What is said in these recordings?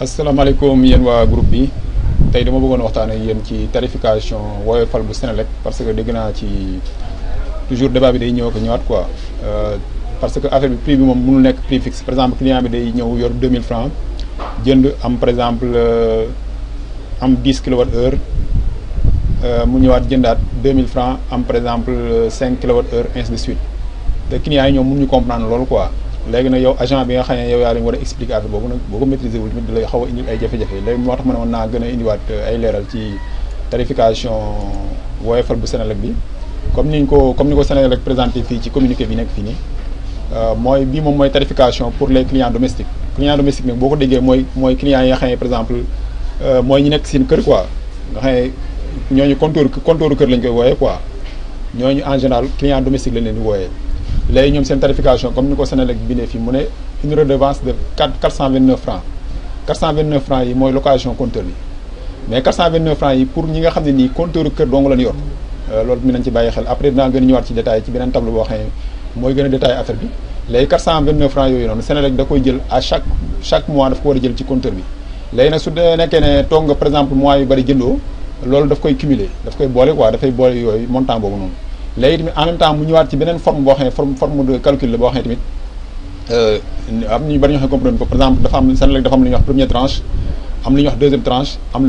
asalaamaaleykum yéen waa groupe bi tey dama bëggoon waxtaan ak yéen ci tarification woyofal bu Senelec parce que dégg naa ci toujours débat bi day ñëw ko ñëwaat quoi euh, parce que affaire bi prix bi moom mënul nekk prix fixe par exemple client bi day ñëw yor 2000 francs jënd am par exemple euh, am 10 kilowatt heure euh, mu ñëwaat jëndaat 2000 francs am par exemple 5 kilowatt heure ainsi de suite te clients yi mu mënuñu comprendre loolu quoi léegi nag yow agent bi nga xam ne yow yaa leen war a expliquer affaire boobu nag boo ko maîtriser wul tamit da xaw a indil ay jafe-jafe léegi moo tax ma ne woon naa gën a indiwaat euh, ay leeral ci tarification woyofal bu Senelec bi comme niñ ko comme ni ko Senelec présenté fii ci communiqué bi nekk fii nii euh, mooy bii moom mooy tarification pour les clients domestiques client domestique nag boo ko déggee mooy mooy clients yi nga xam ne par exemple euh, mooy ñi nekk seen kër quoi nga xam ne ñooñu compteur compteur kër lañ koy wooyee quoi ñooñu en général client domestique lañ leen di wooyee léegi ñoom seen tarification comme ni ko Sénélec bindee fii mu ne une redevance de quatre quatre cent vingt neuf francs quatre cent vingt neuf francs yi mooy location compteur bi mais quatre cent vingt neuf francs yi pour ñi nga xam ne nii compteur kër dong lañ yor euh, loolu mi nañ ci bàyyi xel après dinaa gën a ñëwaat ci détail ci beneen tableau boo xam mooy gën a détaillé affaire bi léegi quatre cent vingt neuf francs yooyu noonu Sénélec da koy jël à chaque chaque mois daf léegi tamit en même temps mu ñëwaat ci beneen forme boo xam ne forme forme de calcul la boo xam tamit euh, am ñu bari ñoo xam ne comprendre par exemple dafa am Senelec dafa am lu wax première tranche am lu ñuy wax deuxième tranche am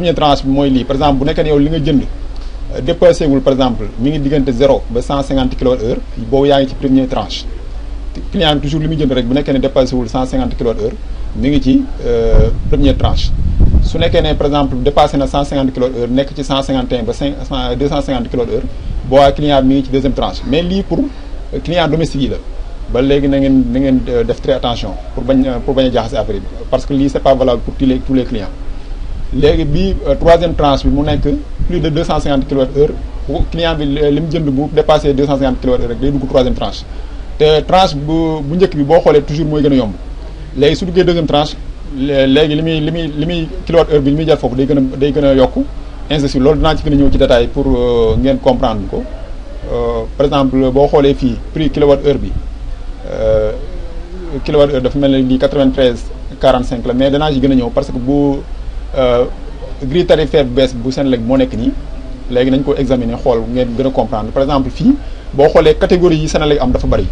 lu tranche mooy lii par exemple bu nekkee ne yow li nga jënd euh, dépassé wul par exemple mi ngi diggante zéro ba cent cinquante kilowatt heure boobu yaa ngi ci première tranche client toujours li muy jënd rek bu nekkee ne dépassé wul cent cinquante kilowatt heure mi ngi ci euh, première tranche su nekkee ne par exemple dépassé na 150 kilos heure nekk ci 151 ba 5 250 kilos heure boobaa client mi ngi ci deuxième tranche mais lii pour euh, client domestique yi la ba léegi na ngeen ngeen euh, def très attention pour bañ euh, pour bañ a jaaxase affaire bi parce que lii c'est pas valable pour tous les clients léegi bii troisième tranche bi mu nekk plus de 250 kilos heure bu client bi li mu jënd bu dépassé 250 kilos heure rek day bi boo xoolee toujours mooy gën a yomb léegi léegi li muy li muy li muy kilowatt heure bi li muy jar foofu day gën a day gën a yokk ainsi de suite loolu dinaa ci gën a ñëw ci détail pour euh, ngeen comprendre ko euh, par exemple boo xoolee fii prix kilowatt heure bi euh, kilowatt heure dafa mel ne lii 93 45 la mais danaa ci gën a parce que bu grille tarifaire bu bees bu Senelec moo nekk nii léegi nañ ko examiner xool ngeen gën a comprendre par exemple fii boo xoolee catégorie yi Senelec am dafa bari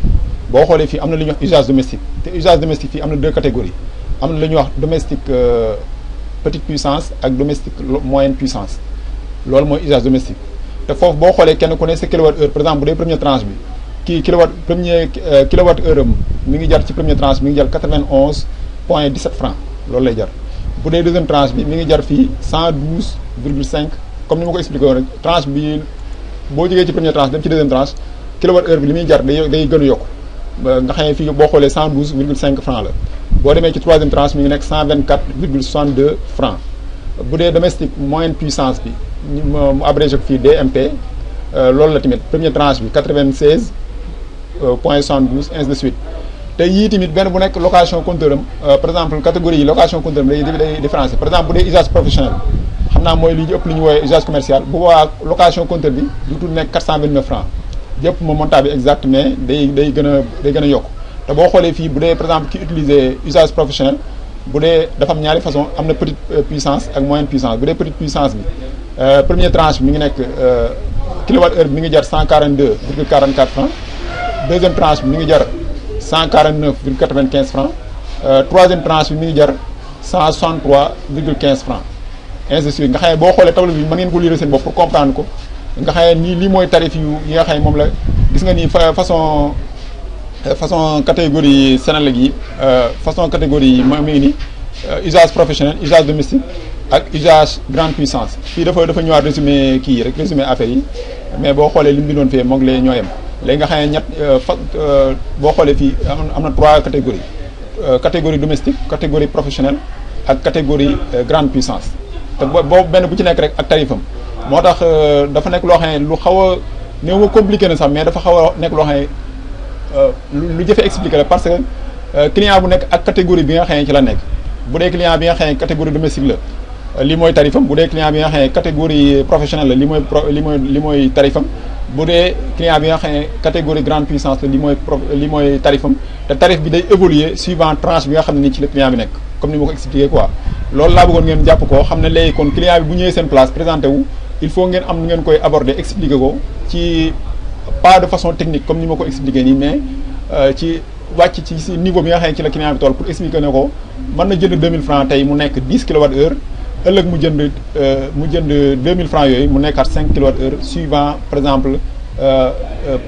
boo xoolee fii am na li ñuy wax usage domestique te usage domestique fii am na deux catégories am na lu ñuy wax domestique euh, petite puissance ak domestique moyenne puissance loolu mooy usage domestique te foofu boo xoolee kenn ku ne sa kilowatt heure par exemple bu dee première tranche bi kii kilowatt premier euh, kilowatt heure am mi ngi jar ci première tranche mi ngi jar quatre vingt onze point dix sept bi mi ngi jar fii cent douze virgule comme ni ma ko expliqué woon bi boo jógee ci première tranche dem ci deuxième tranche kilowatt heure bi li muy jar day yo gën a yokk nga xam fii boo xoolee cent douze virgule cinq franc la. boo demee ci troisième tranche mi ngi nekk cent vingt quatre virgule soixante deux francs bu dee domestique moyenne puissance bi mu abrégé fii DMP euh, loolu la tamit première tranche quatre vingt seize euh, point soixante douze ainsi de suite te yii tamit benn bu nekk location compteur am euh, par exemple catégorie yi location compteur am day day différencié par exemple bu dee usage professionnel xam naa mooy li ñu ëpp li ñu woowee usage commercial bu boobaa location compteur bi du tudd nekk quatre a day gën te boo xoolee fii bu dee par exemple ki utiliser usage professionnel bu dee dafa am ñaari façon am na petite euh, puissance ak moyenne puissance bu dee petite puissance bi euh, première tranche bi mi ngi nekk euh, kilowatt heure bi mi ngi jar cent quarante deux virgule quarante quatre francs deuxième tranche bi mi jar cent quarante neuf virgule quatre vingt quinze francs troisième tranche bi mi ngi jar cent soixante trois virgule quinze francs ainsi de suite nga xam boo xoolee tableau bi mën ngeen ko lire seen bopp pour comprendre ko nga xam ne nii lii mooy yi moom la gis nga nii façon façon catégorie Senelec yi euh, façon catégorie yi ma ngi ni euh, usage professionnel usage domestique ak usage grande puissance fii dafa dafa ñëwaat résumé kii yi rek résumé affaire yi mais boo xoolee li mu bindoon fee moog lee ñooyam léegi nga xam ne ñett euh, fa boo xoolee fii am na trois catégories catégorie domestique catégorie professionnelle ak catégorie grande puissance te boo benn bu ci nekk rek ak tarifam moo tax dafa nekk loo xam lu xaw a néew compliqué na sax mais dafa xaw a nekk loo xam Euh, lu jëfe expliquer la parce que euh, client bu nekk ak catégorie bi nga xam ne ci la nekk bu dee client bi nga xam ne catégorie domestique la euh, li mooy tarifam nga xam ne catégorie professionnelle la li mooy li mooy li tarifam bi nga xam ne catégorie grande puissance la li mooy li mooy tarifam te tarif bi day évoluer suivant tranche bi nga xam ne ni ci la client bi nekk comme ni ma ko expliquer quoi loolu laa bëggoon ngeen jàpp ko xam ne léegi kon client bi bu ñëwee seen place présenté wu il faut ngeen am nu ngeen koy aborder expliquer ko ci pas de façon technique comme ni ma ko expliqué nii mais euh, ci wàcc ci niveau bi nga xam ci la client bi toll pour expliquer ne ko mën na jënd 2000 francs tey nekk 10 kilowatt heure ëllëg mu jënd euh, mu jënd 2000 francs yooyu mu nekkaat 5 kilowatt heure suivant par exemple euh,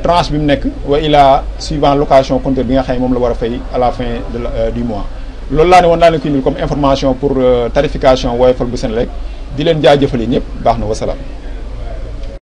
tranche bi mu nekk wa ilaa suivant location compteur bi nga xam ne moom la war a fay à la fin de du mois loolu laa ne woon naa leen ko indil comme information pour tarification Woyofal bu Senelec di leen jaajëfal yi ñëpp baax na wasalaam